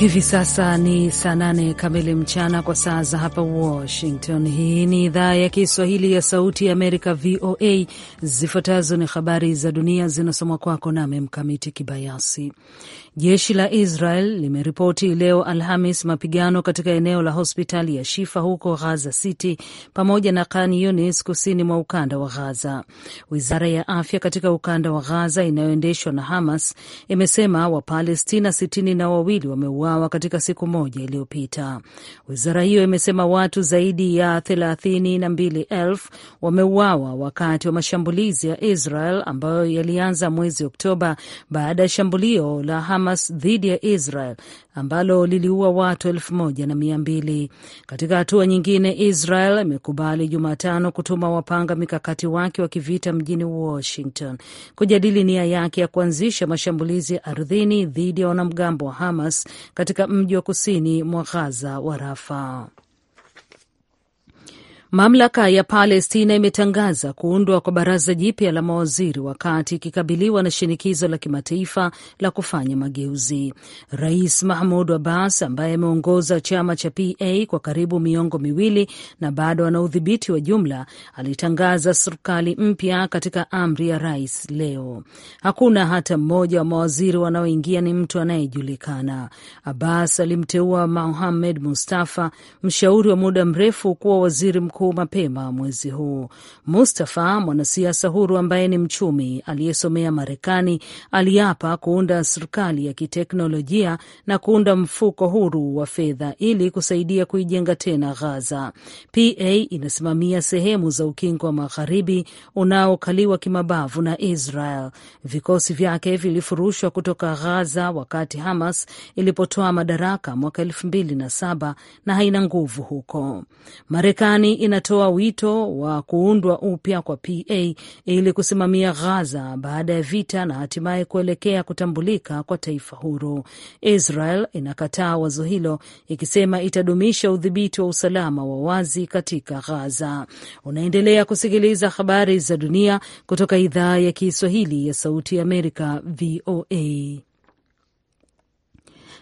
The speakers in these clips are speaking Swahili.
Hivi sasa ni saa nane kamili mchana kwa saa za hapa Washington. Hii ni idhaa ya Kiswahili ya Sauti ya Amerika, VOA. Zifuatazo ni habari za dunia zinasomwa kwako nami Mkamiti Kibayasi. Jeshi la Israel limeripoti leo Alhamis mapigano katika eneo la hospitali ya Shifa huko Ghaza City pamoja na Khan Yunis kusini mwa ukanda wa Ghaza. Wizara ya afya katika ukanda wa Ghaza inayoendeshwa na Hamas imesema Wapalestina sitini na wawili wameua waliuawa katika siku moja iliyopita. Wizara hiyo imesema watu zaidi ya thelathini na mbili elfu wameuawa wakati wa mashambulizi ya Israel ambayo yalianza mwezi Oktoba baada ya shambulio la Hamas dhidi ya Israel ambalo liliua watu elfu moja na mia mbili. Katika hatua nyingine, Israel imekubali Jumatano kutuma wapanga mikakati wake wa kivita mjini Washington kujadili nia yake ya kuanzisha mashambulizi ya ardhini dhidi ya wanamgambo wa Hamas katika mji wa kusini mwa Ghaza wa Rafa. Mamlaka ya Palestina imetangaza kuundwa kwa baraza jipya la mawaziri wakati ikikabiliwa na shinikizo la kimataifa la kufanya mageuzi. Rais Mahmud Abbas ambaye ameongoza chama cha PA kwa karibu miongo miwili na bado ana udhibiti wa jumla, alitangaza serikali mpya katika amri ya rais leo. Hakuna hata mmoja wa mawaziri wanaoingia ni mtu anayejulikana. Abbas alimteua Mohamed Mustafa, mshauri wa muda mrefu, kuwa waziri mkuu Mkuu mapema mwezi huu. Mustafa, mwanasiasa huru ambaye ni mchumi aliyesomea Marekani, aliapa kuunda serikali ya kiteknolojia na kuunda mfuko huru wa fedha ili kusaidia kuijenga tena Gaza. PA inasimamia sehemu za ukingo wa magharibi unaokaliwa kimabavu na Israel. Vikosi vyake vilifurushwa kutoka Gaza wakati Hamas ilipotoa madaraka mwaka elfu mbili na saba na haina nguvu huko. Marekani inatoa wito wa kuundwa upya kwa PA ili kusimamia Gaza baada ya vita na hatimaye kuelekea kutambulika kwa taifa huru. Israel inakataa wazo hilo ikisema itadumisha udhibiti wa usalama wa wazi katika Gaza. Unaendelea kusikiliza habari za dunia kutoka idhaa ya Kiswahili ya Sauti ya Amerika, VOA.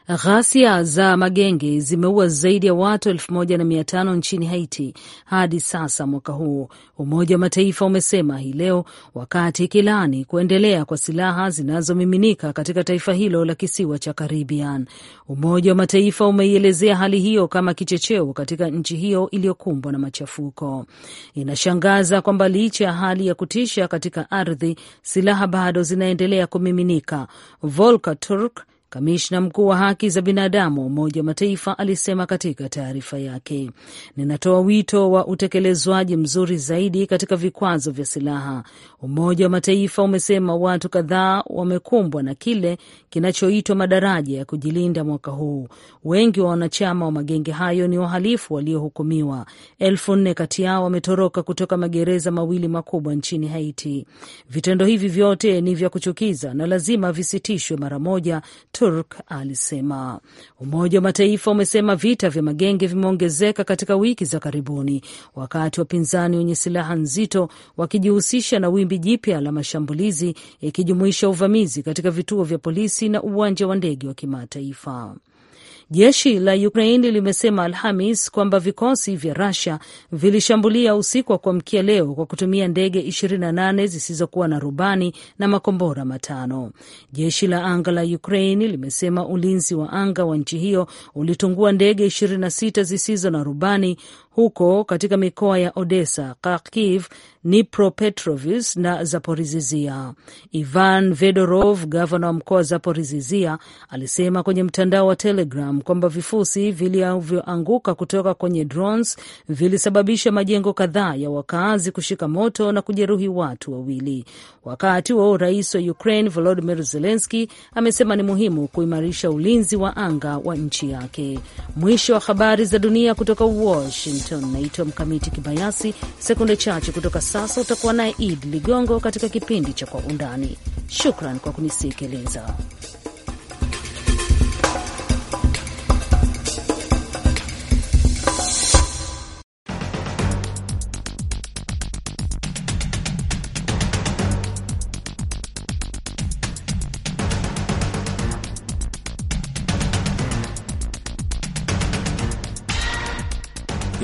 Ghasia za magenge zimeua zaidi ya watu 1500 nchini Haiti hadi sasa mwaka huu, Umoja wa Mataifa umesema hii leo, wakati kilani kuendelea kwa silaha zinazomiminika katika taifa hilo la kisiwa cha Caribbean. Umoja wa Mataifa umeielezea hali hiyo kama kichocheo katika nchi hiyo iliyokumbwa na machafuko. Inashangaza kwamba licha ya hali ya kutisha katika ardhi, silaha bado zinaendelea kumiminika. Volker Turk Kamishna mkuu wa haki za binadamu wa Umoja wa Mataifa alisema katika taarifa yake, ninatoa wito wa utekelezwaji mzuri zaidi katika vikwazo vya silaha. Umoja wa Mataifa umesema watu kadhaa wamekumbwa na kile kinachoitwa madaraja ya kujilinda mwaka huu. Wengi wa wanachama wa magenge hayo ni wahalifu waliohukumiwa. Elfu nne kati yao wametoroka kutoka magereza mawili makubwa nchini Haiti. Vitendo hivi vyote ni vya kuchukiza na lazima visitishwe mara moja tu Turk alisema. Umoja wa Mataifa umesema vita vya magenge vimeongezeka katika wiki za karibuni, wakati wapinzani wenye silaha nzito wakijihusisha na wimbi jipya la mashambulizi, ikijumuisha uvamizi katika vituo vya polisi na uwanja wa ndege wa kimataifa. Jeshi la Ukraini limesema Alhamis kwamba vikosi vya Rusia vilishambulia usiku wa kuamkia leo kwa kutumia ndege 28 zisizokuwa na rubani na makombora matano. Jeshi la anga la Ukraini limesema ulinzi wa anga wa nchi hiyo ulitungua ndege 26 zisizo na rubani huko katika mikoa ya Odessa, Kharkiv, nipropetrovis na Zaporizizia. Ivan Vedorov, gavana wa mkoa wa Zaporizhzhia, alisema kwenye mtandao wa Telegram kwamba vifusi vilivyoanguka kutoka kwenye drones vilisababisha majengo kadhaa ya wakaazi kushika moto na kujeruhi watu wawili. Wakati huo rais wa Ukraine volodimir zelenski amesema ni muhimu kuimarisha ulinzi wa anga wa nchi yake. Mwisho wa habari za dunia kutoka Washington. Washington. Naitwa Mkamiti Kibayasi. Sekunde chache kutoka sasa utakuwa naye Id Ligongo katika kipindi cha Kwa Undani. Shukran kwa kunisikiliza.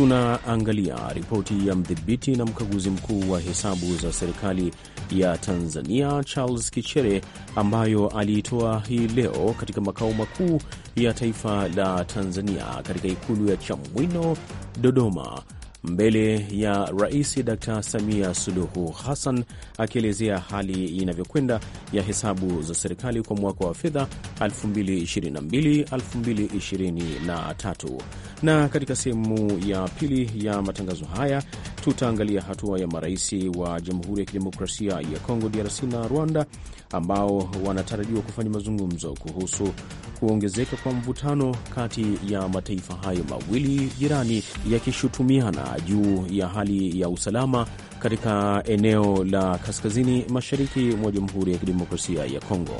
tunaangalia ripoti ya mdhibiti na mkaguzi mkuu wa hesabu za serikali ya Tanzania Charles Kichere ambayo aliitoa hii leo katika makao makuu ya taifa la Tanzania katika ikulu ya Chamwino, Dodoma mbele ya Rais Dkt Samia Suluhu Hassan akielezea hali inavyokwenda ya hesabu za serikali kwa mwaka wa fedha 2022-2023. Na katika sehemu ya pili ya matangazo haya tutaangalia hatua ya marais wa Jamhuri ya Kidemokrasia ya Kongo, DRC na Rwanda ambao wanatarajiwa kufanya mazungumzo kuhusu kuongezeka kwa mvutano kati ya mataifa hayo mawili jirani yakishutumiana juu ya hali ya usalama katika eneo la kaskazini mashariki mwa Jamhuri ya Kidemokrasia ya Kongo.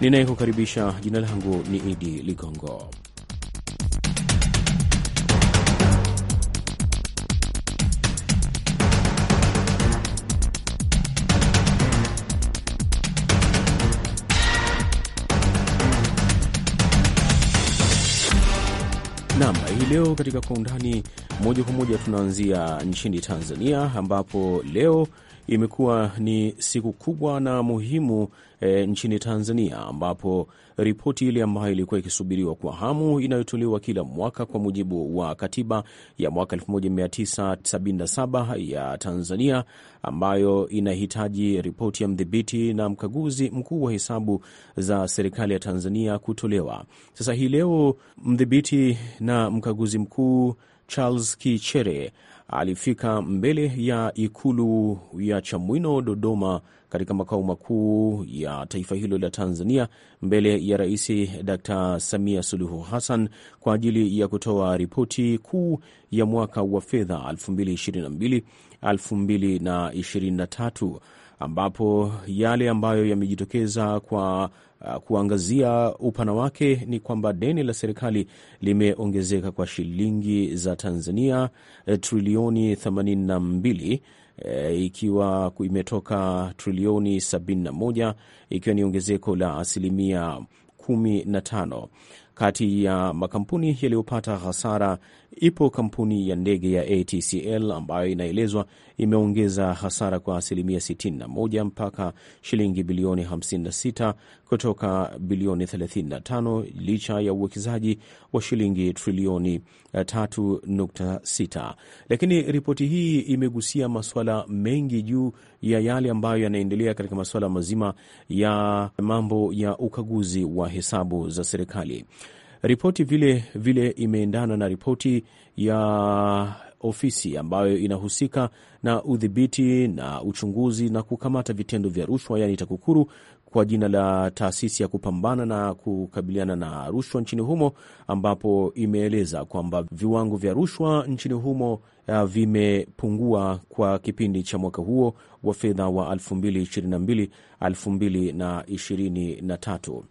Ninayekukaribisha, jina langu ni Idi Ligongo. leo katika kwa undani moja kwa moja tunaanzia nchini Tanzania ambapo leo imekuwa ni siku kubwa na muhimu e, nchini Tanzania, ambapo ripoti ile ambayo ilikuwa ikisubiriwa kwa hamu inayotolewa kila mwaka kwa mujibu wa katiba ya mwaka 1977 ya Tanzania, ambayo inahitaji ripoti ya mdhibiti na mkaguzi mkuu wa hesabu za serikali ya Tanzania kutolewa. Sasa hii leo mdhibiti na mkaguzi mkuu Charles Kichere alifika mbele ya ikulu ya Chamwino, Dodoma, katika makao makuu ya taifa hilo la Tanzania, mbele ya Rais Dkt Samia Suluhu Hassan kwa ajili ya kutoa ripoti kuu ya mwaka wa fedha 2022 2023 ambapo yale ambayo yamejitokeza kwa uh, kuangazia upana wake ni kwamba deni la serikali limeongezeka kwa shilingi za Tanzania eh, trilioni 82 E, eh, ikiwa imetoka trilioni 71 ikiwa ni ongezeko la asilimia 15. Kati ya makampuni yaliyopata hasara Ipo kampuni ya ndege ya ATCL ambayo inaelezwa imeongeza hasara kwa asilimia 61 mpaka shilingi bilioni 56 kutoka bilioni 35 licha ya uwekezaji wa shilingi trilioni 3.6. Eh, Lakini ripoti hii imegusia masuala mengi juu ya yale ambayo yanaendelea katika masuala mazima ya mambo ya ukaguzi wa hesabu za serikali. Ripoti vile vile imeendana na ripoti ya ofisi ambayo inahusika na udhibiti na uchunguzi na kukamata vitendo vya rushwa, yaani TAKUKURU kwa jina la taasisi ya kupambana na kukabiliana na rushwa nchini humo, ambapo imeeleza kwamba viwango vya rushwa nchini humo uh, vimepungua kwa kipindi cha mwaka huo wa fedha wa 2022 2023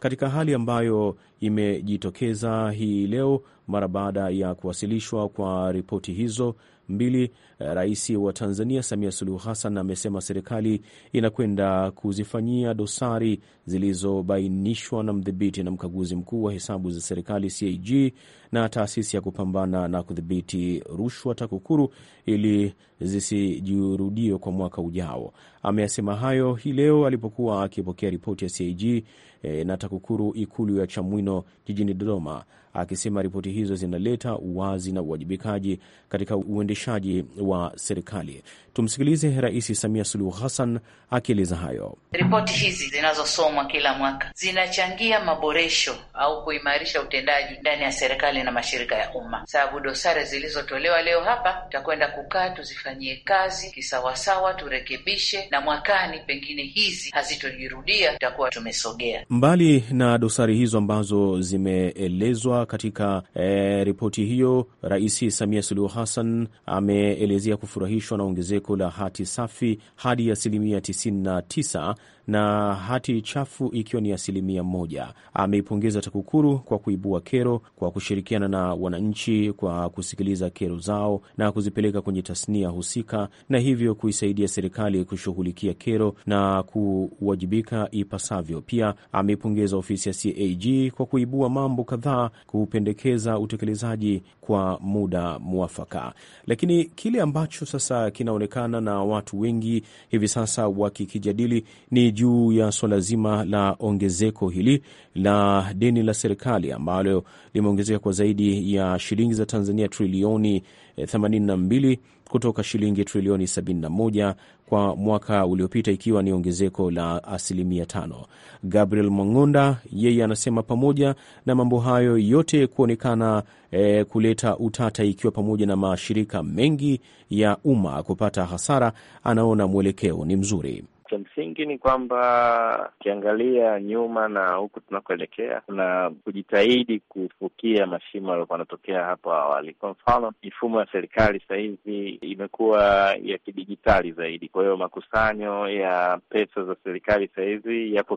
katika hali ambayo imejitokeza hii leo mara baada ya kuwasilishwa kwa ripoti hizo mbili Rais wa Tanzania Samia Suluhu Hassan amesema serikali inakwenda kuzifanyia dosari zilizobainishwa na mdhibiti na mkaguzi mkuu wa hesabu za serikali CAG na taasisi ya kupambana na kudhibiti rushwa TAKUKURU ili zisijirudie kwa mwaka ujao. Ameyasema hayo hii leo alipokuwa akipokea ripoti ya CAG e, eh, na TAKUKURU Ikulu ya Chamwino jijini Dodoma, akisema ripoti hizo zinaleta uwazi na uwajibikaji katika uendeshaji wa serikali. Tumsikilize Rais Samia Suluhu Hassan akieleza hayo. Ripoti hizi zinazosomwa kila mwaka zinachangia maboresho au kuimarisha utendaji ndani ya serikali na mashirika ya umma, sababu dosari zilizotolewa leo hapa tutakwenda kukaa tuzifanyie kazi kisawasawa, turekebishe, na mwakani pengine hizi hazitojirudia, tutakuwa tumesogea mbali na dosari hizo ambazo zimeelezwa katika eh, ripoti hiyo. Rais Samia Suluhu Hassan ameeleza wameelezea kufurahishwa na ongezeko la hati safi hadi asilimia 99 na hati chafu ikiwa ni asilimia moja. Ameipongeza TAKUKURU kwa kuibua kero, kwa kushirikiana na wananchi, kwa kusikiliza kero zao na kuzipeleka kwenye tasnia husika, na hivyo kuisaidia serikali kushughulikia kero na kuwajibika ipasavyo. Pia ameipongeza ofisi ya CAG kwa kuibua mambo kadhaa, kupendekeza utekelezaji kwa muda mwafaka. Lakini kile ambacho sasa kinaonekana na watu wengi hivi sasa wakikijadili ni juu ya swala zima la ongezeko hili la deni la serikali ambalo limeongezeka kwa zaidi ya shilingi za Tanzania trilioni 82 eh, kutoka shilingi trilioni 71 kwa mwaka uliopita, ikiwa ni ongezeko la asilimia tano. Gabriel Mwang'onda yeye anasema pamoja na mambo hayo yote kuonekana e, kuleta utata, ikiwa pamoja na mashirika mengi ya umma kupata hasara, anaona mwelekeo ni mzuri. Cha msingi ni kwamba ukiangalia nyuma na huku tunakoelekea, kuna kujitahidi kufukia mashimo yaliokuwa anatokea hapo awali. Kwa mfano, mifumo ya serikali sasa hivi imekuwa ya kidijitali zaidi, kwa hiyo makusanyo ya pesa za serikali sasa hivi yapo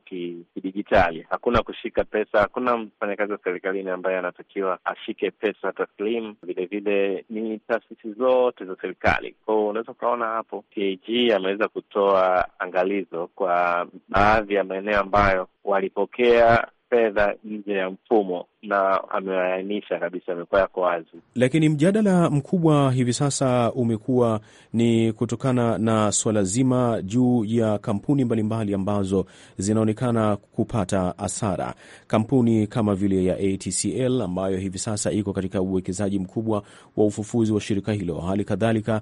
kidijitali. Hakuna kushika pesa, hakuna mfanyakazi wa serikalini ambaye anatakiwa ashike pesa taslimu. Vilevile ni taasisi zote za serikali kwao, unaweza ukaona hapo TAG ameweza kutoa anga angalizo kwa baadhi ya maeneo ambayo walipokea fedha nje ya mfumo, na ameainisha kabisa, amekuwa yako wazi. Lakini mjadala mkubwa hivi sasa umekuwa ni kutokana na suala zima juu ya kampuni mbalimbali ambazo zinaonekana kupata hasara, kampuni kama vile ya ATCL ambayo hivi sasa iko katika uwekezaji mkubwa wa ufufuzi wa shirika hilo, hali kadhalika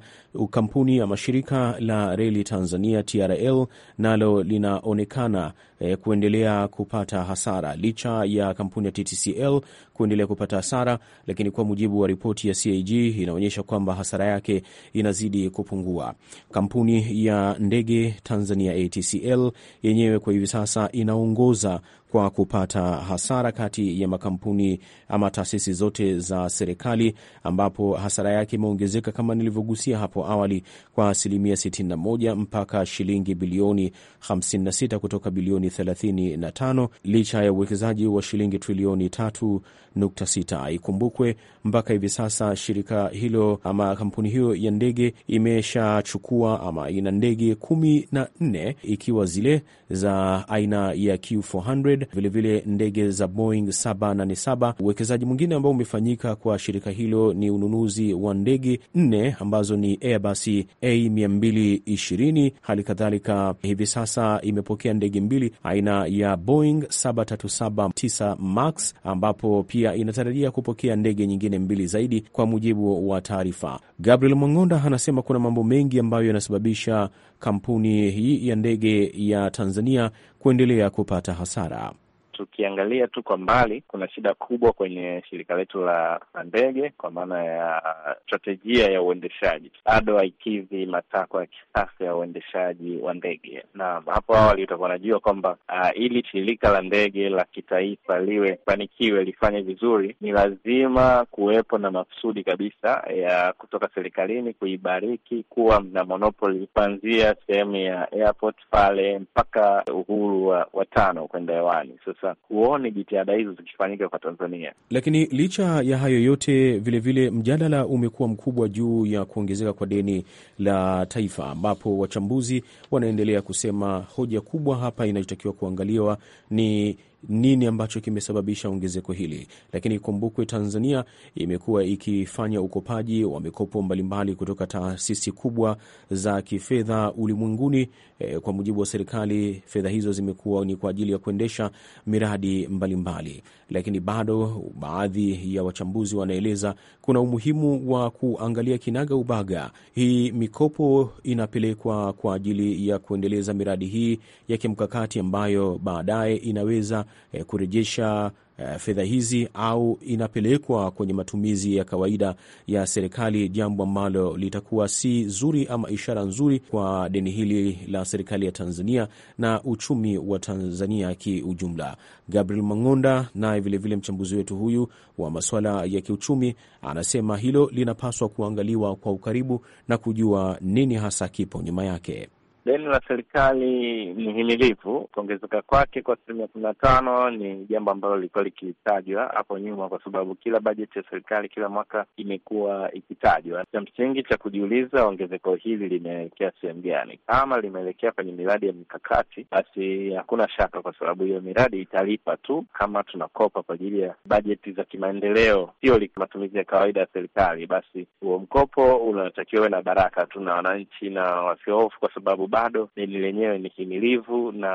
kampuni ya mashirika la reli Tanzania TRL nalo linaonekana eh, kuendelea kupata hasara licha ya kampuni ya TTCL kuendelea kupata hasara, lakini kwa mujibu wa ripoti ya CAG inaonyesha kwamba hasara yake inazidi kupungua. Kampuni ya ndege Tanzania ATCL yenyewe kwa hivi sasa inaongoza kwa kupata hasara kati ya makampuni ama taasisi zote za serikali, ambapo hasara yake imeongezeka kama nilivyogusia hapo awali kwa asilimia 61 mpaka shilingi bilioni 56 kutoka bilioni 35 licha ya uwekezaji wa shilingi trilioni tatu 6. Ikumbukwe mpaka hivi sasa shirika hilo ama kampuni hiyo ya ndege imeshachukua ama ina ndege kumi na nne ikiwa zile za aina ya Q400 vilevile ndege za Boeing 787. Uwekezaji mwingine ambao umefanyika kwa shirika hilo ni ununuzi wa ndege nne ambazo ni Airbus A220. Hali kadhalika hivi sasa imepokea ndege mbili aina ya Boeing 737 9 Max ambapo pia Turkia inatarajia kupokea ndege nyingine mbili zaidi, kwa mujibu wa taarifa. Gabriel Mwang'onda anasema kuna mambo mengi ambayo yanasababisha kampuni hii ya ndege ya Tanzania kuendelea kupata hasara tukiangalia tu kwa mbali, kuna shida kubwa kwenye shirika letu la ndege kwa maana ya strategia ya uendeshaji, bado haikidhi matakwa ya kisasa ya uendeshaji wa ndege. Na hapo awali utakuwa najua kwamba uh, ili shirika la ndege la kitaifa liwe fanikiwe lifanye vizuri, ni lazima kuwepo na makusudi kabisa ya kutoka serikalini kuibariki kuwa na monopoli kuanzia sehemu ya airport pale mpaka uhuru wa, wa tano kwenda hewani. Sasa sasa huoni jitihada hizo zikifanyika kwa Tanzania. Lakini licha ya hayo yote, vilevile mjadala umekuwa mkubwa juu ya kuongezeka kwa deni la taifa, ambapo wachambuzi wanaendelea kusema hoja kubwa hapa inayotakiwa kuangaliwa ni nini ambacho kimesababisha ongezeko hili. Lakini ikumbukwe, Tanzania imekuwa ikifanya ukopaji wa mikopo mbalimbali kutoka taasisi kubwa za kifedha ulimwenguni. E, kwa mujibu wa serikali, fedha hizo zimekuwa ni kwa ajili ya kuendesha miradi mbalimbali mbali. Lakini bado baadhi ya wachambuzi wanaeleza kuna umuhimu wa kuangalia kinaga ubaga, hii mikopo inapelekwa kwa ajili ya kuendeleza miradi hii ya kimkakati ambayo baadaye inaweza eh, kurejesha eh, fedha hizi au inapelekwa kwenye matumizi ya kawaida ya serikali, jambo ambalo litakuwa si zuri ama ishara nzuri kwa deni hili la serikali ya Tanzania na uchumi wa Tanzania kiujumla. Gabriel Mang'onda naye vilevile mchambuzi wetu huyu wa masuala ya kiuchumi anasema hilo linapaswa kuangaliwa kwa ukaribu na kujua nini hasa kipo nyuma yake deni la serikali ni himilivu. Kuongezeka kwake kwa asilimia kumi na tano ni jambo ambalo lilikuwa likitajwa hapo nyuma, kwa sababu kila bajeti ya serikali kila mwaka imekuwa ikitajwa. Cha msingi cha kujiuliza, ongezeko hili limeelekea sehemu gani? Kama limeelekea kwenye miradi ya mikakati, basi hakuna shaka, kwa sababu hiyo miradi italipa tu. Kama tunakopa kwa ajili ya bajeti za kimaendeleo, sio matumizi ya kawaida ya serikali, basi huo mkopo unatakiwa uwe na baraka tu na wananchi na wasiohofu, kwa sababu bado deni lenyewe ni himilivu, na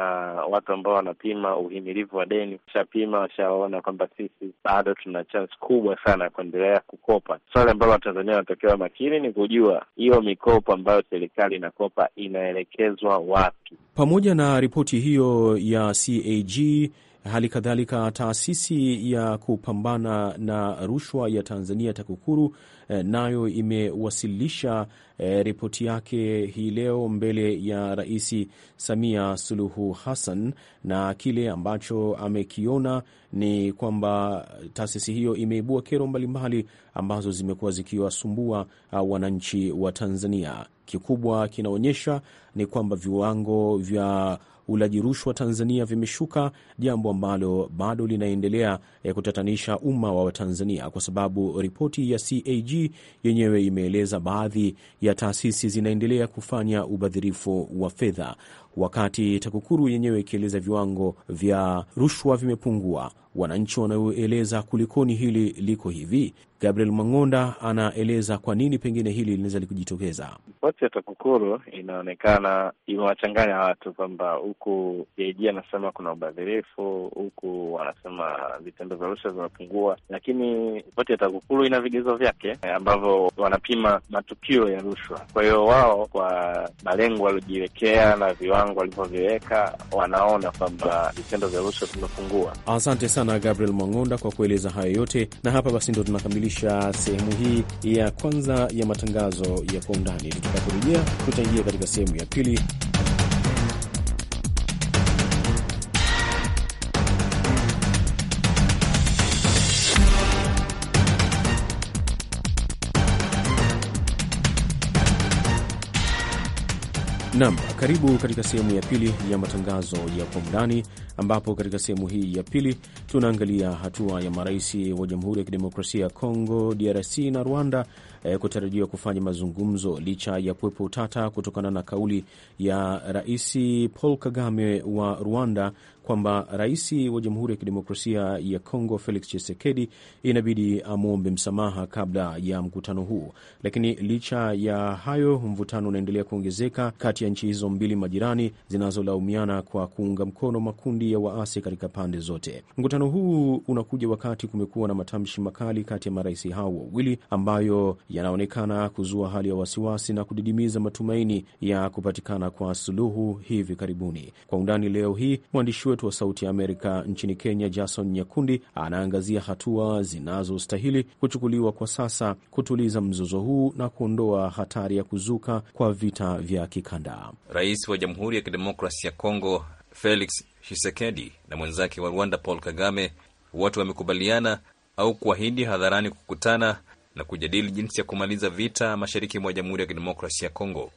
watu ambao wanapima uhimilivu wa deni washapima, washaona kwamba sisi bado tuna chance kubwa sana ya kuendelea kukopa. Swali ambalo Watanzania wanatakiwa makini ni kujua hiyo mikopo ambayo serikali inakopa inaelekezwa wapi. Pamoja na ripoti hiyo ya CAG Hali kadhalika taasisi ya kupambana na rushwa ya Tanzania TAKUKURU eh, nayo imewasilisha eh, ripoti yake hii leo mbele ya Rais Samia Suluhu Hassan, na kile ambacho amekiona ni kwamba taasisi hiyo imeibua kero mbalimbali ambazo zimekuwa zikiwasumbua ah, wananchi wa Tanzania. Kikubwa kinaonyesha ni kwamba viwango vya ulaji rushwa Tanzania vimeshuka, jambo ambalo bado linaendelea eh, kutatanisha umma wa Watanzania, kwa sababu ripoti ya CAG yenyewe imeeleza baadhi ya taasisi zinaendelea kufanya ubadhirifu wa fedha wakati TAKUKURU yenyewe ikieleza viwango vya rushwa vimepungua. Wananchi wanaoeleza kulikoni hili liko hivi. Gabriel Mang'onda anaeleza kwa nini pengine hili linaweza likujitokeza. Ripoti ya TAKUKURU inaonekana imewachanganya watu kwamba huku jaiji anasema kuna ubadhirifu, huku wanasema vitendo vya rushwa vimepungua, lakini ripoti ya TAKUKURU ina vigezo vyake ambavyo wanapima matukio ya rushwa. Kwa hiyo wao kwa malengo waliojiwekea na viwango viwango walivyoviweka wanaona kwamba vitendo vya rushwa vimepungua. Asante sana Gabriel Mwang'onda kwa kueleza hayo yote, na hapa basi ndo tunakamilisha sehemu hii ya kwanza ya matangazo ya Kwa Undani. Tutakaporejea tutaingia katika sehemu ya pili Nam, karibu katika sehemu ya pili ya matangazo ya kwa undani, ambapo katika sehemu hii ya pili tunaangalia hatua ya marais wa Jamhuri ya Kidemokrasia ya Kongo, DRC na Rwanda eh, kutarajiwa kufanya mazungumzo licha ya kuwepo utata kutokana na kauli ya Rais Paul Kagame wa Rwanda kwamba rais wa Jamhuri ya Kidemokrasia ya Kongo Felix Tshisekedi inabidi amwombe msamaha kabla ya mkutano huu. Lakini licha ya hayo, mvutano unaendelea kuongezeka kati ya nchi hizo mbili majirani zinazolaumiana kwa kuunga mkono makundi ya waasi katika pande zote. Mkutano huu unakuja wakati kumekuwa na matamshi makali kati ya marais hao wawili ambayo yanaonekana kuzua hali ya wasiwasi na kudidimiza matumaini ya kupatikana kwa suluhu hivi karibuni. Kwa undani leo hii mwandishi wetu wa Sauti ya Amerika nchini Kenya, Jason Nyakundi, anaangazia hatua zinazostahili kuchukuliwa kwa sasa kutuliza mzozo huu na kuondoa hatari ya kuzuka kwa vita vya kikanda. Rais wa Jamhuri ya Kidemokrasi ya Kongo Felix Tshisekedi na mwenzake wa Rwanda Paul Kagame wote wamekubaliana au kuahidi hadharani kukutana na kujadili jinsi ya kumaliza vita mashariki mwa Jamhuri ya Kidemokrasia ya Kongo,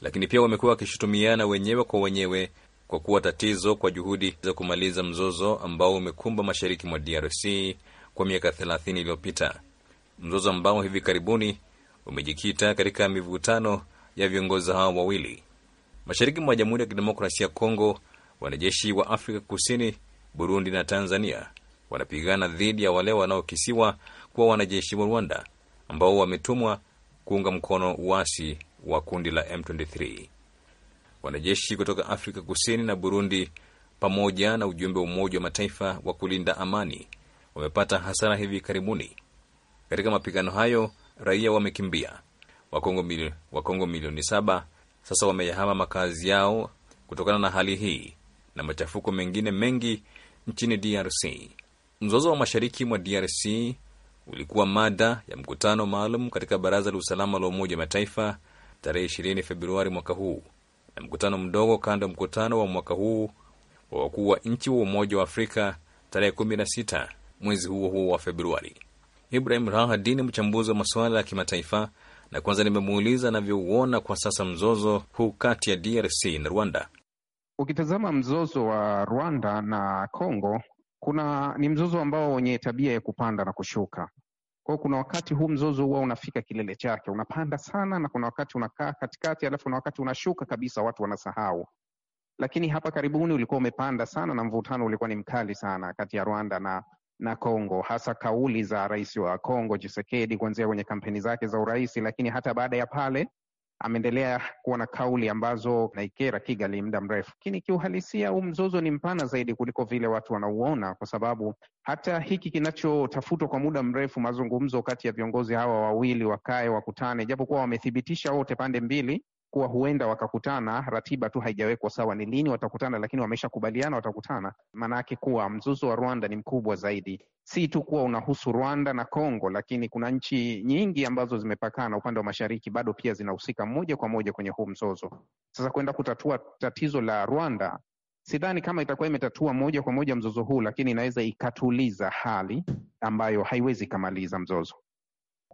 lakini pia wamekuwa wakishutumiana wenyewe kwa wenyewe kwa kuwa tatizo kwa juhudi za kumaliza mzozo ambao umekumba mashariki mwa DRC kwa miaka 30 iliyopita, mzozo ambao hivi karibuni umejikita katika mivutano ya viongozi hao wawili. Mashariki mwa Jamhuri ya Kidemokrasia ya Kongo, wanajeshi wa Afrika Kusini, Burundi na Tanzania wanapigana dhidi ya wale wanaokisiwa kuwa wanajeshi wa Rwanda ambao wametumwa kuunga mkono uasi wa kundi la M23 wanajeshi kutoka Afrika Kusini na Burundi pamoja na ujumbe wa Umoja wa Mataifa wa kulinda amani wamepata hasara hivi karibuni. Katika mapigano hayo raia wamekimbia. Wakongo milioni, Wakongo milioni saba sasa wameyahama makazi yao kutokana na hali hii na machafuko mengine mengi nchini DRC. Mzozo wa mashariki mwa DRC ulikuwa mada ya mkutano maalum katika Baraza la Usalama la Umoja wa Mataifa tarehe 20 Februari mwaka huu na mkutano mdogo kando ya mkutano wa mwaka huu wa wakuu wa nchi wa Umoja wa Afrika tarehe 16 mwezi huo huo wa Februari. Ibrahim ni mchambuzi wa masuala ya kimataifa, na kwanza nimemuuliza anavyouona kwa sasa mzozo huu kati ya DRC na Rwanda. Ukitazama mzozo wa Rwanda na Congo, kuna ni mzozo ambao wenye tabia ya kupanda na kushuka kwao. kuna wakati huu mzozo huwa unafika kilele chake, unapanda sana, na kuna wakati unakaa katikati, alafu kuna wakati unashuka kabisa, watu wanasahau. Lakini hapa karibuni ulikuwa umepanda sana na mvutano ulikuwa ni mkali sana kati ya Rwanda na na Kongo, hasa kauli za rais wa Kongo Tshisekedi kuanzia kwenye kampeni zake za urais, lakini hata baada ya pale ameendelea kuwa na kauli ambazo naikera Kigali muda mrefu, lakini kiuhalisia huu mzozo ni mpana zaidi kuliko vile watu wanauona, kwa sababu hata hiki kinachotafutwa kwa muda mrefu, mazungumzo kati ya viongozi hawa wawili, wakae wakutane, japokuwa wamethibitisha wote pande mbili kuwa huenda wakakutana, ratiba tu haijawekwa sawa ni lini watakutana, lakini wameshakubaliana watakutana. maanayake kuwa mzozo wa Rwanda ni mkubwa zaidi, si tu kuwa unahusu Rwanda na Kongo, lakini kuna nchi nyingi ambazo zimepakana upande wa mashariki bado pia zinahusika moja kwa moja kwenye huu mzozo. Sasa kuenda kutatua tatizo la Rwanda, sidhani kama itakuwa imetatua moja kwa moja mzozo huu, lakini inaweza ikatuliza hali ambayo haiwezi ikamaliza mzozo.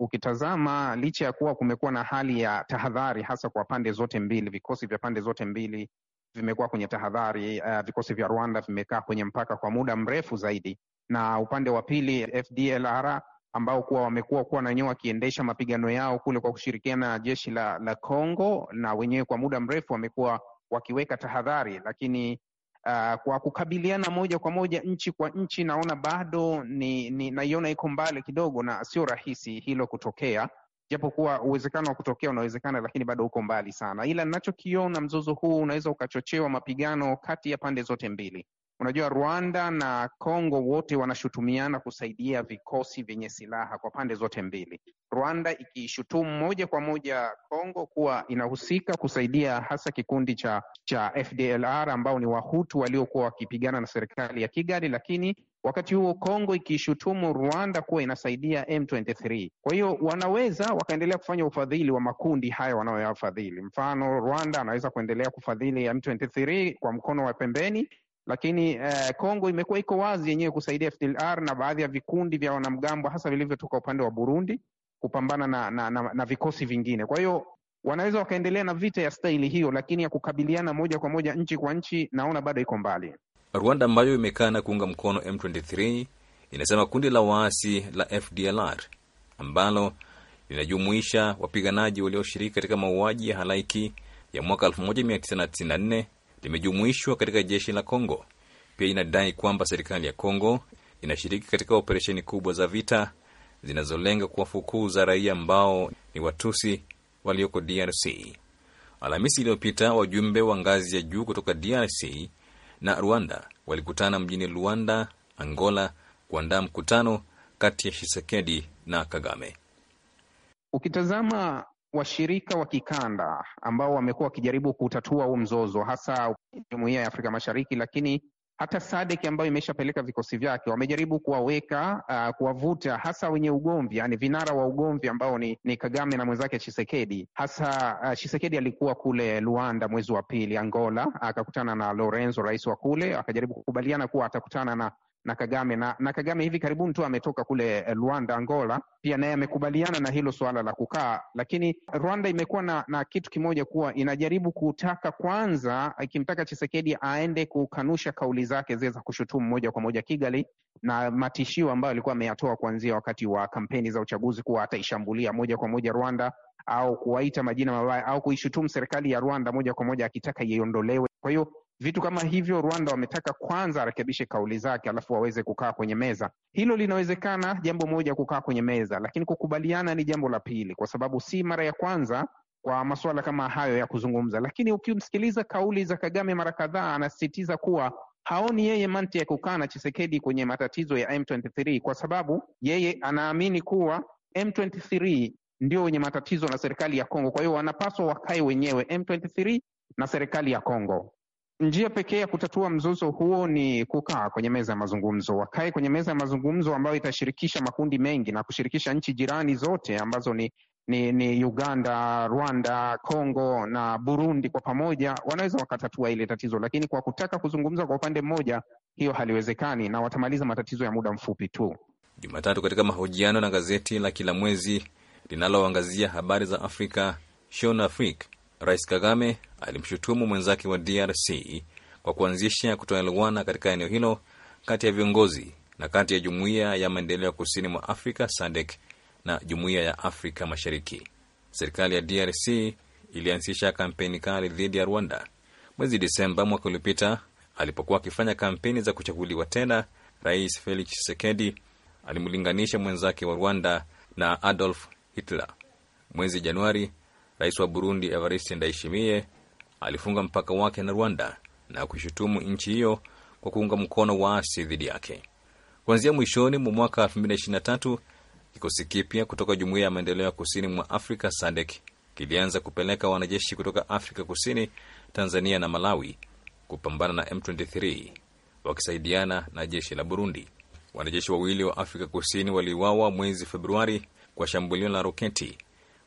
Ukitazama, licha ya kuwa kumekuwa na hali ya tahadhari, hasa kwa pande zote mbili, vikosi vya pande zote mbili vimekuwa kwenye tahadhari. Uh, vikosi vya Rwanda vimekaa kwenye mpaka kwa muda mrefu zaidi, na upande wa pili FDLR ambao kuwa wamekuwa kuwa na wenyewe wakiendesha mapigano yao kule kwa kushirikiana na jeshi la la Congo, na wenyewe kwa muda mrefu wamekuwa wakiweka tahadhari, lakini Uh, kwa kukabiliana moja kwa moja nchi kwa nchi, naona bado ni, ni naiona iko mbali kidogo na sio rahisi hilo kutokea, japokuwa uwezekano wa kutokea unawezekana, lakini bado uko mbali sana. Ila ninachokiona mzozo huu unaweza ukachochewa mapigano kati ya pande zote mbili, Unajua Rwanda na congo wote wanashutumiana kusaidia vikosi vyenye silaha kwa pande zote mbili. Rwanda ikiishutumu moja kwa moja congo kuwa inahusika kusaidia hasa kikundi cha cha FDLR ambao ni Wahutu waliokuwa wakipigana na serikali ya Kigali, lakini wakati huo congo ikiishutumu Rwanda kuwa inasaidia M23. Kwa hiyo wanaweza wakaendelea kufanya ufadhili wa makundi haya wanayoyafadhili. Mfano, Rwanda anaweza kuendelea kufadhili M23 kwa mkono wa pembeni, lakini eh, Kongo imekuwa iko wazi yenyewe kusaidia FDLR na baadhi ya vikundi vya wanamgambo hasa vilivyotoka upande wa Burundi kupambana na, na, na, na vikosi vingine. Kwa hiyo wanaweza wakaendelea na vita ya staili hiyo, lakini ya kukabiliana moja kwa moja nchi kwa nchi, naona bado iko mbali. Rwanda ambayo imekana kuunga mkono M23 inasema kundi la waasi la FDLR ambalo linajumuisha wapiganaji walioshiriki katika mauaji ya halaiki ya mwaka 1994 limejumuishwa katika jeshi la Kongo. Pia inadai kwamba serikali ya Kongo inashiriki katika operesheni kubwa za vita zinazolenga kuwafukuza raia ambao ni Watusi walioko DRC. Alhamisi iliyopita wajumbe wa ngazi ya juu kutoka DRC na Rwanda walikutana mjini Luanda, Angola, kuandaa mkutano kati ya Tshisekedi na Kagame. Ukitazama washirika wa kikanda ambao wamekuwa wakijaribu kutatua huu mzozo, hasa jumuiya ya Afrika Mashariki, lakini hata SADC ambayo imeshapeleka vikosi vyake wamejaribu kuwaweka uh, kuwavuta hasa wenye ugomvi, yani vinara wa ugomvi ambao ni, ni Kagame na mwenzake Chisekedi. Hasa uh, Chisekedi alikuwa kule Luanda mwezi wa pili, Angola, akakutana na Lorenzo, rais wa kule, akajaribu kukubaliana kuwa atakutana na na Kagame na, na Kagame hivi karibuni tu ametoka kule eh, Luanda, Angola, pia naye amekubaliana na hilo suala la kukaa. Lakini Rwanda imekuwa na, na kitu kimoja kuwa inajaribu kutaka kwanza, ikimtaka Chisekedi aende kukanusha kauli zake zile za kushutumu moja kwa moja Kigali na matishio ambayo alikuwa ameyatoa kuanzia wakati wa kampeni za uchaguzi kuwa ataishambulia moja kwa moja Rwanda au kuwaita majina mabaya au kuishutumu serikali ya Rwanda moja kwa moja akitaka iondolewe. Kwa hiyo Vitu kama hivyo Rwanda wametaka kwanza arekebishe kauli zake, alafu waweze kukaa kwenye meza. Hilo linawezekana, jambo moja kukaa kwenye meza, lakini kukubaliana ni jambo la pili, kwa sababu si mara ya kwanza kwa masuala kama hayo ya kuzungumza. Lakini ukimsikiliza kauli za Kagame mara kadhaa, anasisitiza kuwa haoni yeye manti ya kukaa na Chisekedi kwenye matatizo ya M23 kwa sababu yeye anaamini kuwa M23 ndio wenye matatizo na serikali ya Kongo, kwa hiyo wanapaswa wakae wenyewe M23 na serikali ya Kongo. Njia pekee ya kutatua mzozo huo ni kukaa kwenye meza ya mazungumzo. Wakae kwenye meza ya mazungumzo ambayo itashirikisha makundi mengi na kushirikisha nchi jirani zote ambazo ni ni, ni Uganda, Rwanda, Congo na Burundi. Kwa pamoja wanaweza wakatatua ile tatizo, lakini kwa kutaka kuzungumza kwa upande mmoja, hiyo haliwezekani na watamaliza matatizo ya muda mfupi tu. Jumatatu, katika mahojiano na gazeti la kila mwezi linaloangazia habari za Afrika Shon Rais Kagame alimshutumu mwenzake wa DRC kwa kuanzisha kutoelewana katika eneo hilo kati ya viongozi na kati ya Jumuiya ya Maendeleo ya Kusini mwa Afrika SADC na Jumuiya ya Afrika Mashariki. Serikali ya DRC ilianzisha kampeni kali dhidi ya Rwanda mwezi Disemba mwaka uliopita alipokuwa akifanya kampeni za kuchaguliwa tena. Rais Felix Tshisekedi alimlinganisha mwenzake wa Rwanda na Adolf Hitler. Mwezi Januari Rais wa Burundi Evariste Ndayishimiye alifunga mpaka wake na Rwanda na kushutumu nchi hiyo kwa kuunga mkono waasi dhidi yake. Kuanzia mwishoni mwa mwaka 2023 kikosi kipya kutoka Jumuiya ya Maendeleo ya Kusini mwa Afrika SADC kilianza kupeleka wanajeshi kutoka Afrika Kusini, Tanzania na Malawi kupambana na M23 wakisaidiana na jeshi la Burundi. Wanajeshi wawili wa Afrika Kusini waliuawa mwezi Februari kwa shambulio la roketi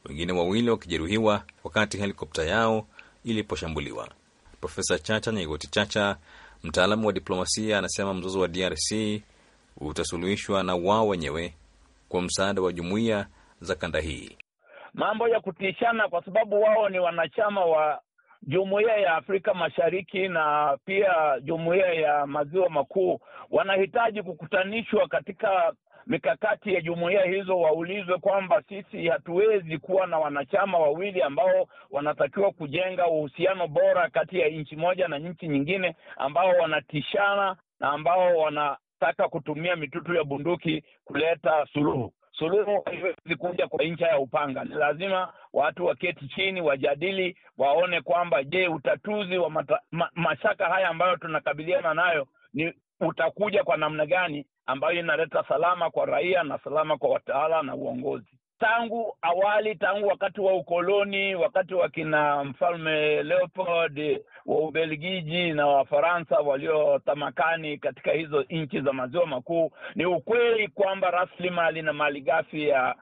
wengine wawili wakijeruhiwa wakati helikopta yao iliposhambuliwa. Profesa Chacha Nyaigoti Chacha, mtaalamu wa diplomasia, anasema mzozo wa DRC utasuluhishwa na wao wenyewe kwa msaada wa jumuiya za kanda hii. Mambo ya kutishana, kwa sababu wao ni wanachama wa jumuiya ya Afrika Mashariki na pia jumuiya ya maziwa makuu, wanahitaji kukutanishwa katika mikakati ya jumuiya hizo waulizwe kwamba sisi hatuwezi kuwa na wanachama wawili ambao wanatakiwa kujenga uhusiano bora kati ya nchi moja na nchi nyingine ambao wanatishana na ambao wanataka kutumia mitutu ya bunduki kuleta suluhu suluhu haiwezi kuja kwa ncha ya upanga. Ni lazima watu waketi chini, wajadili, waone kwamba je, utatuzi wa mata, ma, mashaka haya ambayo tunakabiliana nayo ni utakuja kwa namna gani, ambayo inaleta salama kwa raia na salama kwa watawala na uongozi tangu awali, tangu wakati wa ukoloni, wakati wa kina mfalme Leopold wa Ubelgiji na Wafaransa waliotamakani katika hizo nchi za maziwa makuu, ni ukweli kwamba rasilimali na malighafi ya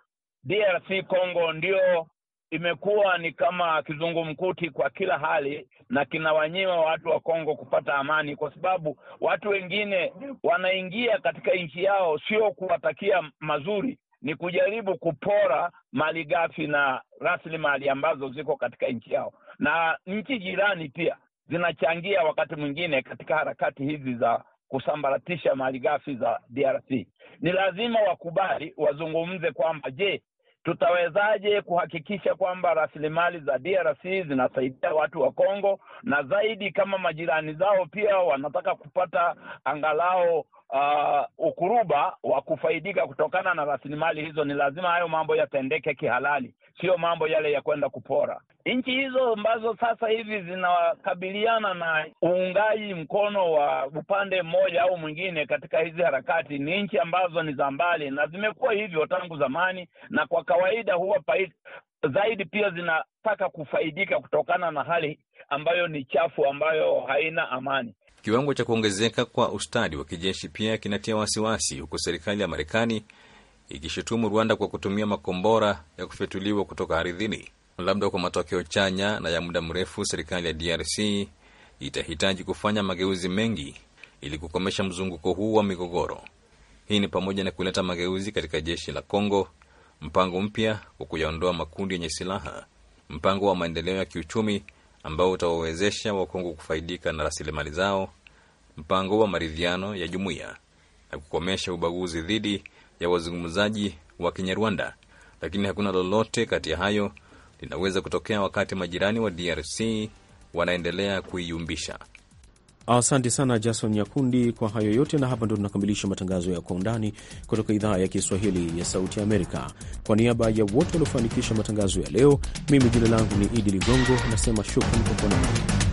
DRC Congo ndio imekuwa ni kama kizungumkuti kwa kila hali na kinawanyima watu wa Kongo kupata amani, kwa sababu watu wengine wanaingia katika nchi yao sio kuwatakia mazuri, ni kujaribu kupora mali ghafi na rasilimali ambazo ziko katika nchi yao, na nchi jirani pia zinachangia wakati mwingine katika harakati hizi za kusambaratisha mali ghafi za DRC. Ni lazima wakubali wazungumze kwamba je, tutawezaje kuhakikisha kwamba rasilimali za DRC zinasaidia watu wa Kongo na zaidi kama majirani zao pia wanataka kupata angalau uh, ukuruba wa kufaidika kutokana na rasilimali hizo, ni lazima hayo mambo yatendeke kihalali, siyo mambo yale ya kwenda kupora. Nchi hizo ambazo sasa hivi zinakabiliana na uungaji mkono wa upande mmoja au mwingine katika hizi harakati ni nchi ambazo ni za mbali, na zimekuwa hivyo tangu zamani, na kwa kawaida huwa zaidi pia zinataka kufaidika kutokana na hali ambayo ni chafu, ambayo haina amani. Kiwango cha kuongezeka kwa ustadi wa kijeshi pia kinatia wasiwasi, huku serikali ya Marekani ikishutumu Rwanda kwa kutumia makombora ya kufyatuliwa kutoka ardhini. Labda kwa matokeo chanya na ya muda mrefu, serikali ya DRC itahitaji kufanya mageuzi mengi ili kukomesha mzunguko huu wa migogoro. Hii ni pamoja na kuleta mageuzi katika jeshi la congo mpango mpya wa kuyaondoa makundi yenye silaha, mpango wa maendeleo ya kiuchumi ambao utawawezesha Wakongo kufaidika na rasilimali zao, mpango wa maridhiano ya jumuiya na kukomesha ubaguzi dhidi ya wazungumzaji wa Kinyarwanda, lakini hakuna lolote kati ya hayo linaweza kutokea wakati majirani wa DRC wanaendelea kuiyumbisha. Asante sana Jason Nyakundi kwa hayo yote, na hapa ndo tunakamilisha matangazo ya Kwa Undani kutoka idhaa ya Kiswahili ya Sauti Amerika. Kwa niaba ya wote waliofanikisha matangazo ya leo, mimi jina langu ni Idi Ligongo, nasema shukran kwa kuwa nami.